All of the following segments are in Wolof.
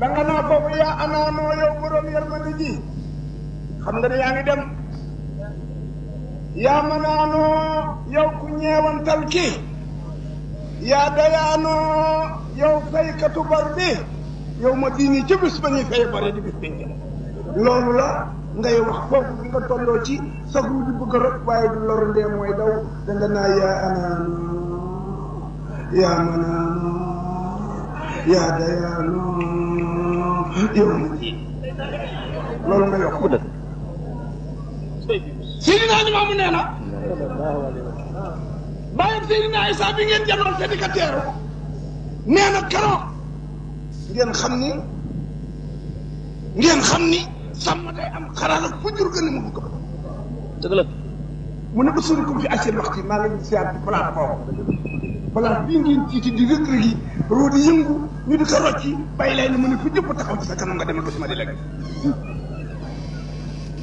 danga naa foofu yaa anaanoo yow borom yërmande ji xam nga ne yaa ngi dem yaa manaanoo yow ku ñeewantal ki yaa dayaanoo yow faykatu bor bi yow ma diini ci ba ñuy fay bare di bis penc loolu la ngay wax foofu bi nga tolloo ci sax di bëgg rek waaye du loru ndee mooy daw danga naa yaa anaanoo yaa manaanoo yaa dayaanoo yow loolu nga yokk ku dëkk. Seydina Limaamu nee na. bàyyi Seydina Isa bi ngeen janoon te di ko teeru. nee na keroog. ngeen xam ni. ngeen xam ni. sàmm day am xarala fu jur gën a mu bëgg. dëgg la. mu ne ba suñu ko fi assiette waxtu maa ngi leen di siyaar ci plateau. balaa bii ngeen jiiti di rëg rëg yi roo ñu di ko rocci bàyyi lay na mu ne ko ñëpp taxaw ci sa kanam nga demal ko di lekk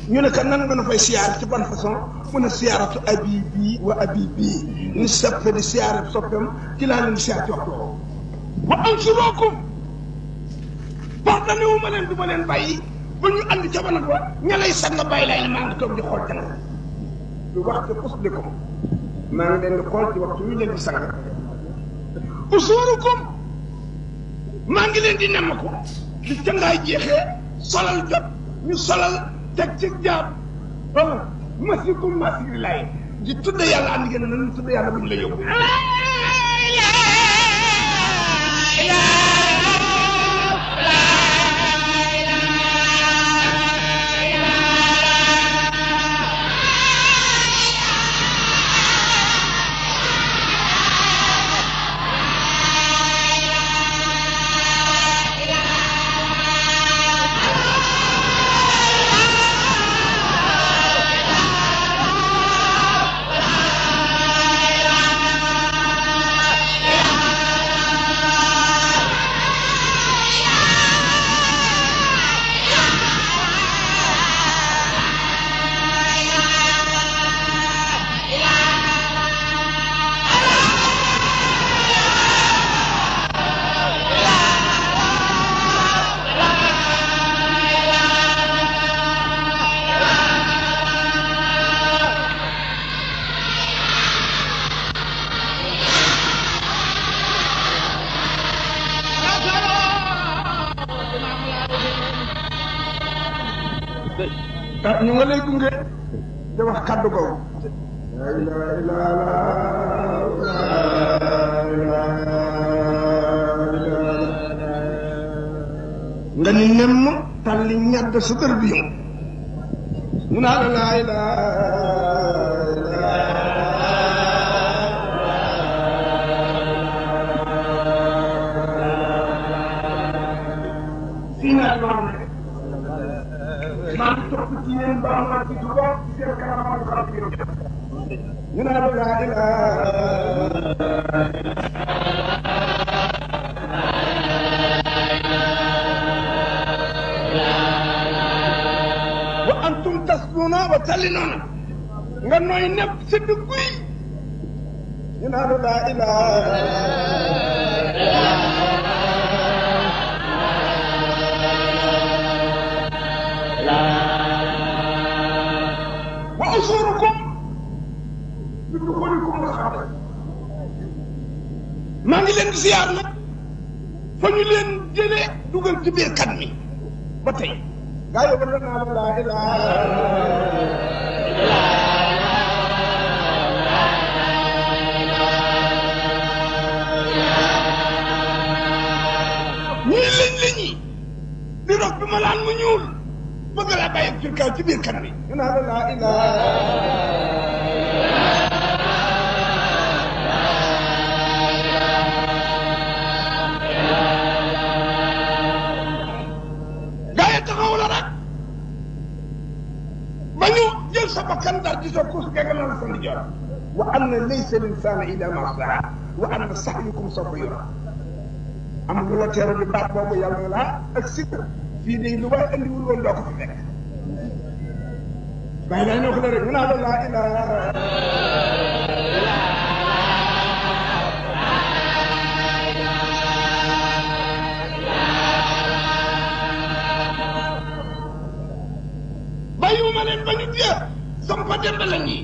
ñu ne ka nan nga na fay siyaar ci ban façon mun a siyaaratu abi bii wa abi bii ni soppe di siyaare soppeem ci laa leen di siyaar ci waxtu woowu wa ansurookum waxtaane wu ma leen du leen bàyyi ba ñu ànd ca ba ña lay sax nga bàyyi lay maa ngi toog di xool ca lu wax te pos de ko maa ngi leen xool ci waxtu wi leen di usuurukum maa ngi leen di nemm ko li cangaay jeexee solal jot ñu solal teg ci jaab wala ma masiri lay di tudd yàlla ànd ngeen na ñu tudd yàlla bu la ñu ah, nga lay gunge di wax kàddu googu nga ni nemm tàlli ñàdd sa dër bi yow mu naa la laa ilaa وأنتم بامات دوبا سير كلام ما خاطر من لا اله وأنتم تسبون يحشركم بدخولكم الخبر ما نجي لين زيار نك فني لين جيلي mi ba ñi di dox bi menyul. mu ñuul بدل أبا يذكرك كبير كنري إن هذا لا إله وأن ليس الإنسان إلى ما سعى وأن سعيكم سوف يرى أم هو ترى الباب بابا يا مولا أكسبه fii de lu war andiwul woon doo ko fi fekk waaye dañoo ko la rek naa la laa ilaa bàyyiwuma leen ba ñu dee sampa dembe la ñii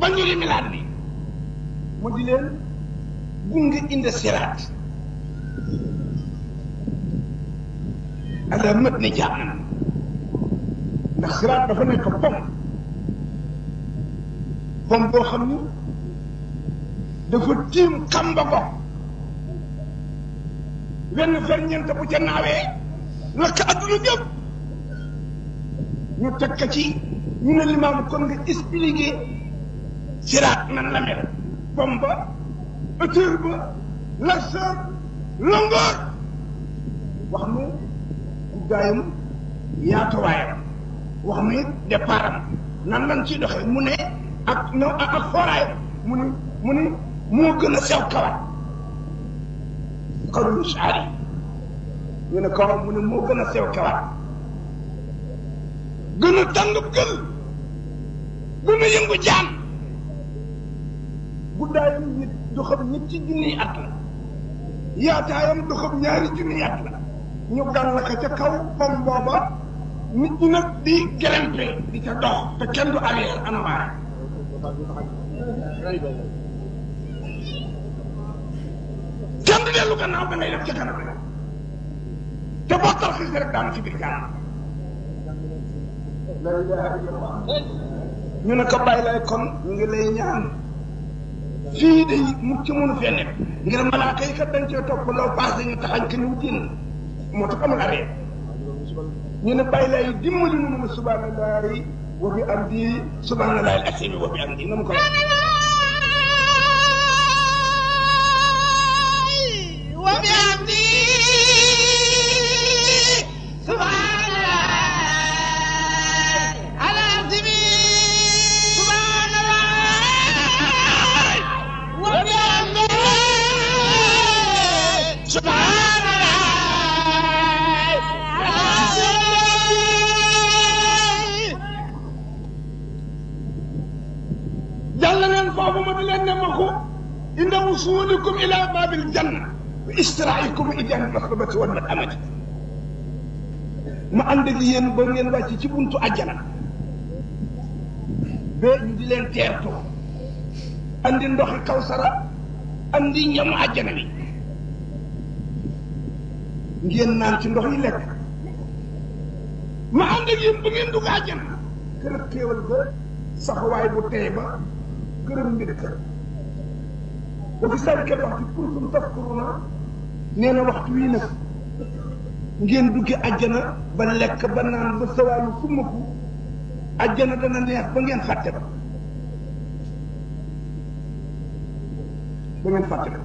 ba ñu rimilaat di leen gunge indi siraat ala mët ne jàpp na ndax siraat dafa nekk pom pom xam ni dafa tiim kamba ko wenn ferñeent bu ca lakk adduna jëpp ñu teg ko ci ñu ne limaam kon nga expliqué siraat nan la mel ba hauteur ba largeur longueur wax nu guddaayam yaatuwaayam wax ma it départ am nan lañ ciy doxee mu ne ak na ak fooraayam mu ni mu ni moo gën a sew kawar xarulu saari ñu ne kawar mu ne moo gën a sew kawar gën a tàng gël gën a yëngu jaan guddaayam nit doxam ñetti junniy at la yaataayam doxam ñaari junniy at la ñu gàll ko ca kaw pom booba nit ñi nag di gërëmte di ca dox te kenn du arrière anamaare. kenn du dellu gannaaw da ngay ca kanam te boktal xis rek daanu ci biir kanam. ñu ne ko bàyyi lay kon ñu ngi lay ñaan fii de mucc mënu fee nekk ngir malaaka yi kat dañ cee topp loo paase ñu taxañ ko ñu jënd. moo tax amul arrêt ñu ne bàyyi laa yi dimbali nu mu subhanallah yi wa bi am di subhanallah al asim wa bi am di na mu ko wax وصولكم إلى باب الجنة وإسرائكم إلى المقربة والمقامة ما عندك يين بمين واتي تبونتو أجنة bee ñu di leen teertu andi ndoxi kawsara andi ñamu àjjana bi ngeen naan ci ndox yi lekk ma ànd ak yéen ba ngeen dugg àjjana kër xéewal ba saxawaay bu tey ba këram mbir kër wa fi salikal waxtu kuntum tafkuruna nee na waxtu wii nag ngeen dugge àjjana ba lekk ba naan ba sawaalu summaku àjjana dana neex ba ngeen fàtte ba ngeen fàtte ba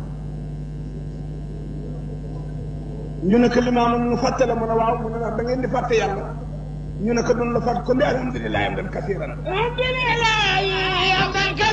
ñu ne ko limaamam nu fàtte la mu ne waaw mu ne ndax da ngeen di fàtte yàlla ñu ne ko noonu la fàtte kon de alhamdulilah yam dan kasiran